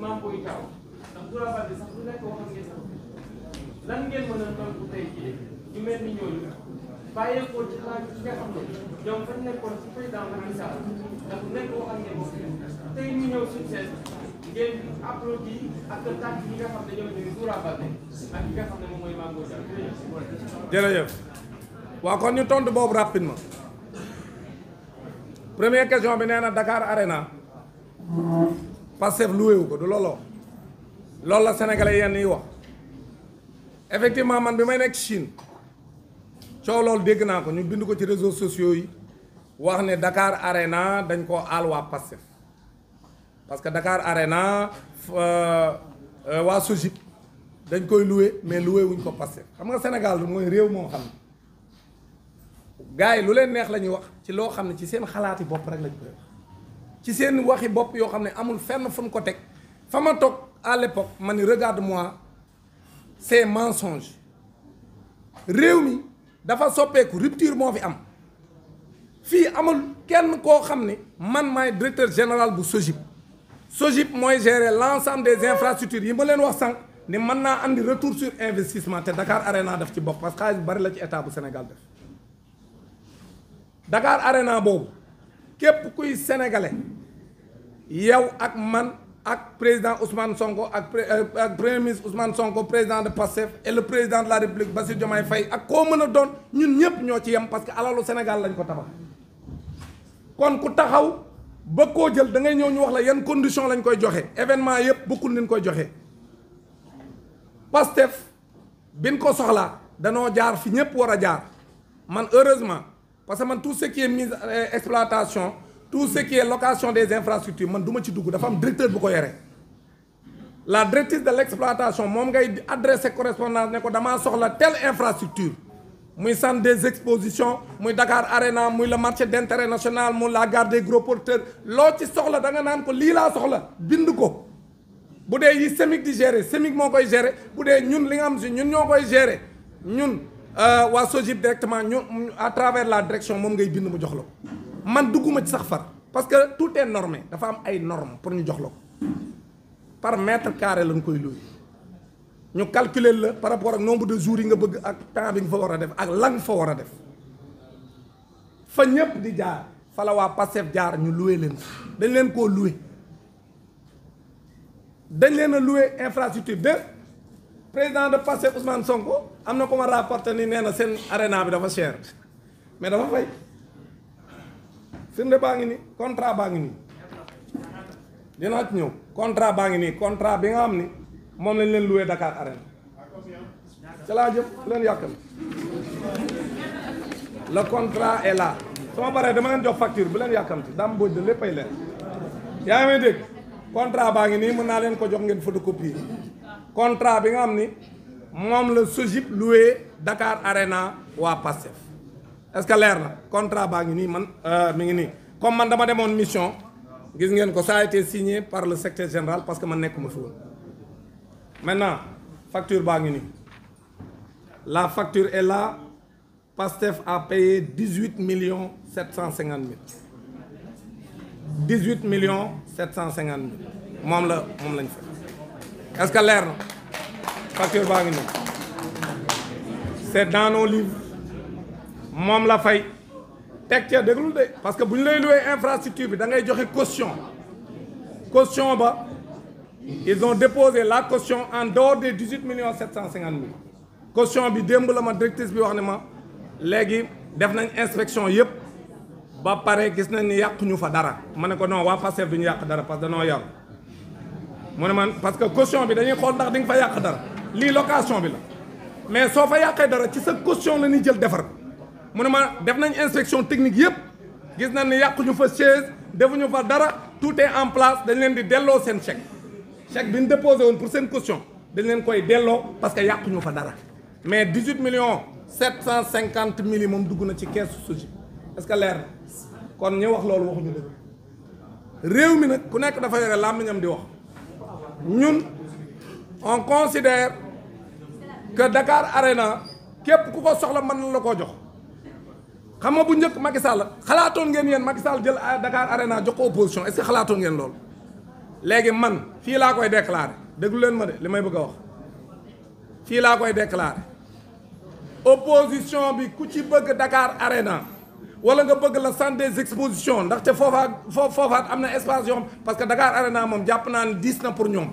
maa koy taw ndax Doura bi nga xam kon ñu tontu boobu rapidement première question bi nee na Arena Pastef loué wu ko du looloo loolu la sénégalais yenn yi wax effectivement man bi may nekk Chine coow loolu dégg naa ko ñu bind ko ci réseau sociaux yi wax ne Dakar Arena dañ koo aal waa Pastef parce que Dakar Arena euh, euh, waa Sojib dañ koy loué mais loué wuñ ko Pastef xam nga Sénégal mooy réew moo xam ne gars yi lu leen neex la ñuy wax ci loo xam ne ci seen xalaati bopp rek lañu koy wax ci seen waxi bopp yoo xam ne amul fenn fu ñu ko teg fa ma toog à l'époque ma ni regarde-moi ces mensonges réew mi dafa soppeeku rupture moo fi am fii amul kenn koo xam ni man maay directeur général bu SOGIP SOGIP mooy gérer l'ensemble des infrastructures yi ma leen wax sànq ne mën naa andi retour sur investissement te Dakar Arena daf ci bokk parce que xaalis bu bari la ci état bu Sénégal def Dakar Arena boobu képp kuy sénégalais yow ak man ak président Ousmane Sonko ak euh, ak premier ministre Ousmane Sonko président de Pastef et le président de la République Bassirou Diomaye Faye ak koo mën a doon ñun ñëpp ñoo ci yem parce que alalu Sénégal lañ ko tabax kon ku taxaw ba koo jël da ngay ñëw ñu wax la yan condition lañ koy joxe événement yëpp bokkul niñ koy joxe Pastef biñ ko soxlaa danoo jaar fi ñëpp war a jaar man heureusement. parce que man tout ce qui est mise euh, exploitation tout ce location des infrastructures man du ma ci dugg dafa am directeur bu ko yore la directrice de l' moom ngay adressé correspondance ne ko damaa soxla telle infrastructure muy centre des expositions muy Dakar Arena muy le marché d' intérêt national mu la gare des gros porteurs loo ci soxla danga naan ko lii laa soxla bind ko bu dee yi SEMIC di gérer SEMIC moo koy gérer bu dee ñun li nga xam si ñun ñoo koy gérer ñun Euh, waa SOGIP directement ñu à travers la direction moom ngay bind mu jox la ko man dugguma ci sax far parce que tout est normé dafa am ay normes pour ñu jox la ko par mètre carré lañ koy luy ñu calculer la par rapport ak nombre de jours yi nga bëgg ak temps bi nga fa war a def ak lang fa war a def fa ñëpp di jaar fa la waa Pastef jaar ñu loué leen dañ leen koo loué dañ leen a loué infrastructure de président de Pastef Ousmane Sonko am na ko ma rapporté ni nee na seen arena bi dafa cher mais dafa fay firnde baa ngi nii contrat baa ngi nii ñëw contrat baa ngi nii contrat bi nga xam ni moom lañ leen loué Dakar arena ca laa jëm leen yàqal le contrat est là sama paree dama leen jox facture bu leen yàkkamti daam mbóoj la léppay leer yaa ngi may dégg contrat baa ngi nii mën naa leen ko jox ngeen photocopie contrat bi nga xam ni moom la SOGIP loué Dakar Arena waa Pastef est-ce que leer na contrat baa ngi nii man euh, mi ngi nii comme man dama demoon mission gis ngeen ko ça signé par le secrétaire général parce que man nekkuma fi woon maintenant facture baa ngi nii la facture est là Pastef a payé dix-huit million sept cent cinquante mille dix-huit million sept cent cinquante mille moom la moom lañ fa est-ce que leer na facture baa ngi nii c'est dans no livres moom la fay teg ca déglul de parce que bu ñu lay loué infrastructure bi da ngay joxe caution caution ba ils ont déposé la caution en dehors des dix-huit millions cent cinquante mille caution bi démb la ma directrice bi wax ne ma léegi def nañ inspection yëpp ba pare gis nañ ni yàqu ñu fa dara ma ne ko non waa Pastef du ñu yàq dara parce que danoo yaru mu ne man parce que caution bi dañuy xool ndax di nga fa yàq dara lii location bi la mais soo fa yàqee dara ci sa caution la ñuy jël defar ko mu ne ma def nañ inspection technique yëpp gis nañ ne yàquñu fa chaise defuñu fa dara tout est en place dañu leen di delloo seen chèque chèque bi ñu déposé woon pour seen caution dañ leen koy delloo parce que yàquñu fa dara mais million 18 millions cinquante mille moom dugg na ci keesu Sogip est-ce que leer kon ñu wax loolu waxuñu dëgg réew mi nag ku nekk dafa yore làmmiñam di wax. ñun on considère que dakaar Arena képp ku ko soxla mën na la ko jox xam nga bu njëkk Macky Sall xalaatoon ngeen yéen Macky Sall jël euh, Dakar Arena jox ko opposition est-ce xalaatoon ngeen loolu léegi man fii laa koy déclarer déglu leen ma de li may bëgg a wax fii laa koy déclarer opposition bi ku ci bëgg dakaar Arena wala nga bëgg la centre des ndax ndaxte foofaat foo foofaat am na espace parce que Dakar Arena moom jàpp naa ne diis na pour ñoom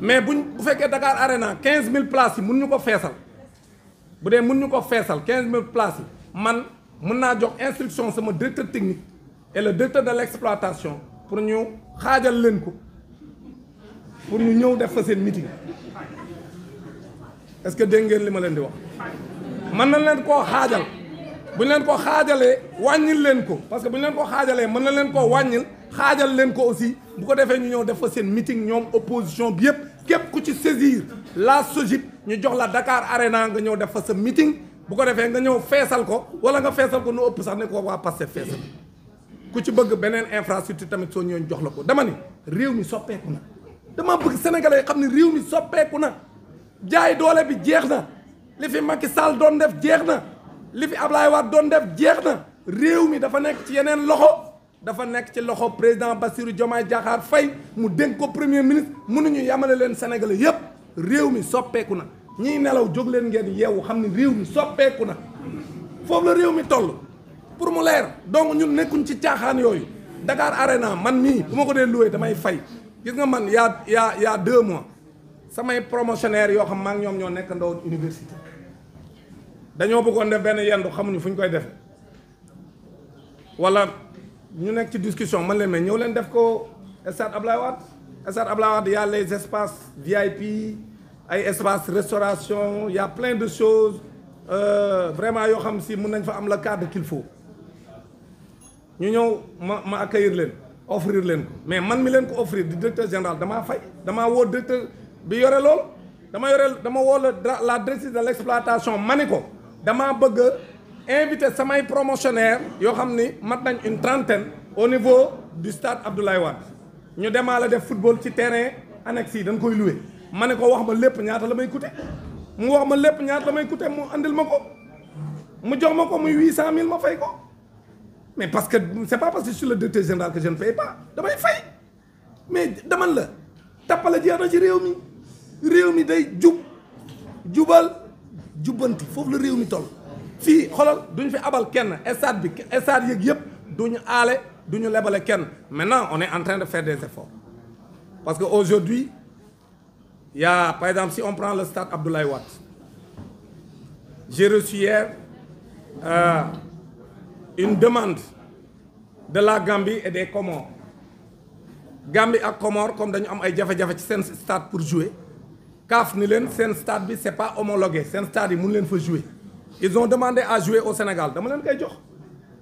mais buñ bu fekkee Dakar Arena mille places yi mun ñu ko feesal bu dee mun ñu ko feesal 15000 places yi man mun naa jox instruction sama directeur technique et le directeur de l' exploitation pour ñu xaajal leen ko pour ñu ñëw def fa seen meeting est ce que dégg ngeen li ma leen di wax mën na leen koo xaajal. bu ñu leen ko xaajalee wàññil leen ko parce que bu ñu leen ko xaajalee mën na leen koo wàññil xaajal leen ko aussi bu ko defee ñu ñëw def fa seen meeting ñoom opposition bi yëpp képp ku ci saisir la SOGIP ñu jox la dakaar Arena nga ñëw def fa sa meeting bu ko defee nga ñëw feesal ko wala nga feesal ko nu ëpp sax ne ko waa Pastef feesal ku ci bëgg beneen infrastructure tamit soo ñëwee jox la ko dama ni réew mi soppeeku na dama bëgg sénégalais xam ne réew mi soppeeku na jaay doole bi jeex na li fi Macky Sall doon def jeex na. li fi Ablaye Wade doon def jeex na réew mi dafa nekk ci yeneen loxo dafa nekk ci loxo président Bassirou Diomaye Diakhar fay mu dénk ko premier ministre mënuñu yamale leen Sénégalais yépp réew mi soppeeku na ñiy nelaw jóg leen ngeen yeewu xam ne réew mi soppeeku na foofu la réew mi toll pour mu leer donc ñun nekkuñ ci caaxaan yooyu Dakar Arena man mii bu ko dee loué damay fay gis nga man yaa yaa yaa deux mois samay promotionnaire yoo xam maa ngi ñoom ñoo nekk ndawoon université dañoo bëggoon def benn yendu xamuñu fu ñu koy defe wala ñu nekk ci discussion man leen mais ñëw leen def ko stade Ablaye Wade stade Ablaye Wade y a les espaces VIP ay espace restauration y a plein de choses euh, vraiment yoo xam si mun nañ fa am le cadre qu'il faut ñu ñëw ma ma accueillir leen offrir leen mais man mi leen ko offrir di directeur général damaa fay damaa woo directeur bi yore lool dama yore dama woo la la directrice de l'exploitation ma ni ko damaa bëgg a invité samay promotionnaire yoo xam ni mat nañ une trentaine au niveau du stade Abdoulaye Wade ñu demaale def football ci terrain annexe yi dañ koy loué ma ne ko wax ma lépp ñaata la may coûté mu wax ma lépp ñaata la may coûté mu andil ma ko mu jox ma ko muy huit cent mille ma fay ko mais parce que c'est pas parce que je suis le directeur général que je ne pas damay fay mais daman la tappala jeex na ci réew mi réew mi day jub jubal jubbanti foofu la réew mi toll fii xoolal duñu fi abal kenn stade bi stade yëg yëpp ñu aale du ñu lebale kenn maintenant on est en train de faire des efforts parce que aujourd'hui y a par exemple si on prend le stade Abdoulaye Wade j'ai reçu hier euh, une demande de la Gambie et des Comores Gambie ak Comores comme dañu am ay jafe-jafe ci seen stade pour jouer CAF ni leen seen stade bi c'est pas homologué seen stade yi mun leen fa jouer ils ont demandé à jouer au Sénégal dama leen koy jox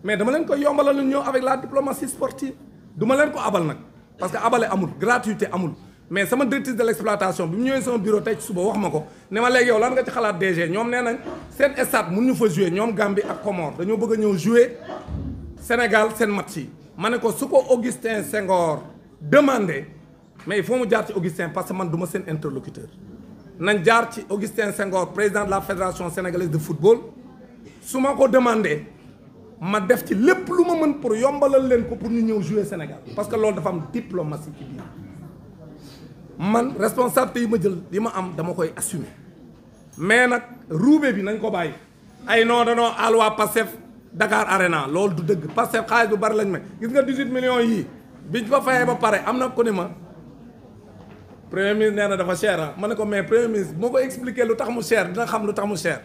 mais dama leen koy yombalal lu ñëw avec la diplomatie sportive du ma leen ko abal nag parce que abale amul gratuité amul mais sama directrice de l'exploitation bi mu ñëwee sama bureau tey ci suba wax ma ko ne ma léegi yow nga ci xalaat DG ñoom nee nañ seen stade mun ñu fa jouer ñoom Gambie ak Comores dañoo bëgg a ñëw jouer seen match yi ma ne ko su ko Augustin Senghor demandé mais il faut mu jaar ci Augustin parce que man du seen interlocuteur nañ jaar ci Augustin Senghor président de la fédération sénégalaise de football su ma ko demandé ma def ci lépp lu ma mën pour yombalal leen ko pour ñu ñëw jouer Sénégal parce que loolu dafa am diplomatie ci biir man responsabilité yi ma jël li ma am dama koy assumer mais nag ruube bi nañ ko bàyyi ay non danoo àll waa Pastef Dakar Arena loolu du dëgg Pastef xaalis bu bari lañ may gis nga 18 millions yii biñ ko fayee ba pare am na ku ne ma. premier ministre nee na dafa cher ah ma ne ko mais premier ministre moo ko expliqué lu tax mu cher dina xam lu tax mu cher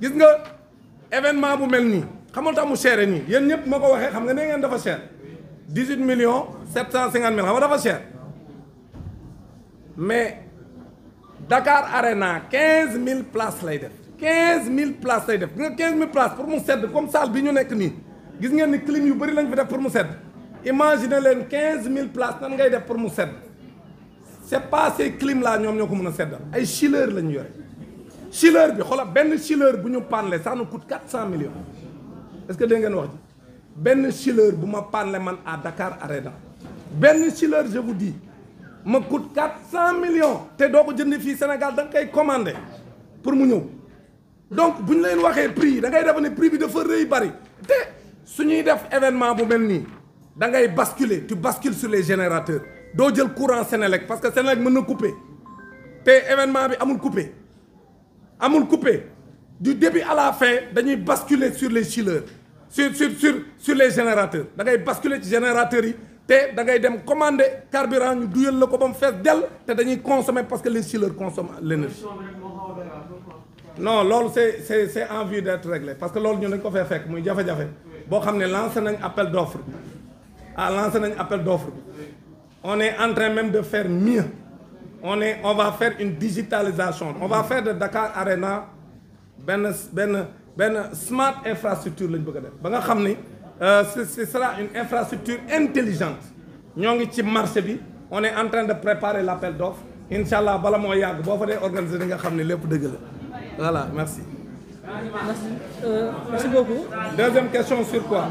gis nga événement bu mel nii xam lu tax mu cher nii yéen ñëpp moo ko waxee xam nga nee ngeen dafa cher 18 millions 750 mille xam nga dafa cher mais Dakar Arena 15000 places lay def 15000 places lay def gis nga 15000 places pour mu sedd comme salle bi ñu nekk nii gis ngeen ni clim yu bëri lañ fi def pour mu sedd imagine leen 15000 places nan ngay def pour mu sedd. c'est pas ces laa ñoom ñoo ko mën a seddal ay chiller la ñu yore chiller bi xoolal benn chiller bu ñu panle ça nous coûte quatre cent millions est-ce que dégg ngeen wax ji benn chiller bu ma panle man à Dakar Arena benn chiller je vous dis ma coûte quatre cent million te doo ko jënd fii Sénégal da nga koy commander pour mu ñëw donc bu ñu leen waxee prix yi da ngay ne prix bi dafa rëy bari te su ñuy def événement bu mel nii da ngay basculer tu bascules sur les générateurs doo jël courant Sénélec parce que Sénélec mën na couper te événement bi amul coupé amul coupé du début à la fin dañuy basculer sur les chillers sur sur sur sur les générateurs da ngay basculer ci générateurs yi te da ngay dem commander carburant ñu duyal la ko ba mu fees dell te dañuy consommer parce que les chillers consomment l'énergie non loolu c'est c'est c'est en vue d'être réglé parce que loolu ñu dañ ko fee fekk muy jafe-jafe boo xam ne lancé nañ appel d'offre ah lancé nañ appel d'offre on est en train même de faire mieux. On, est, on va faire une digitalisation. On va faire de Dakar Arena benn benn benn smart infrastructure lañ bëgg a def ba nga xam ni euh, ce sera une infrastructure intelligente ñoo ngi ci marché bi on est en de préparer l' appel d' incha allah bala moo yàgg boo fa dee organiser di nga xam ne lépp dëgg la voilà merci. merci euh, beaucoup. deuxième question sur quoi.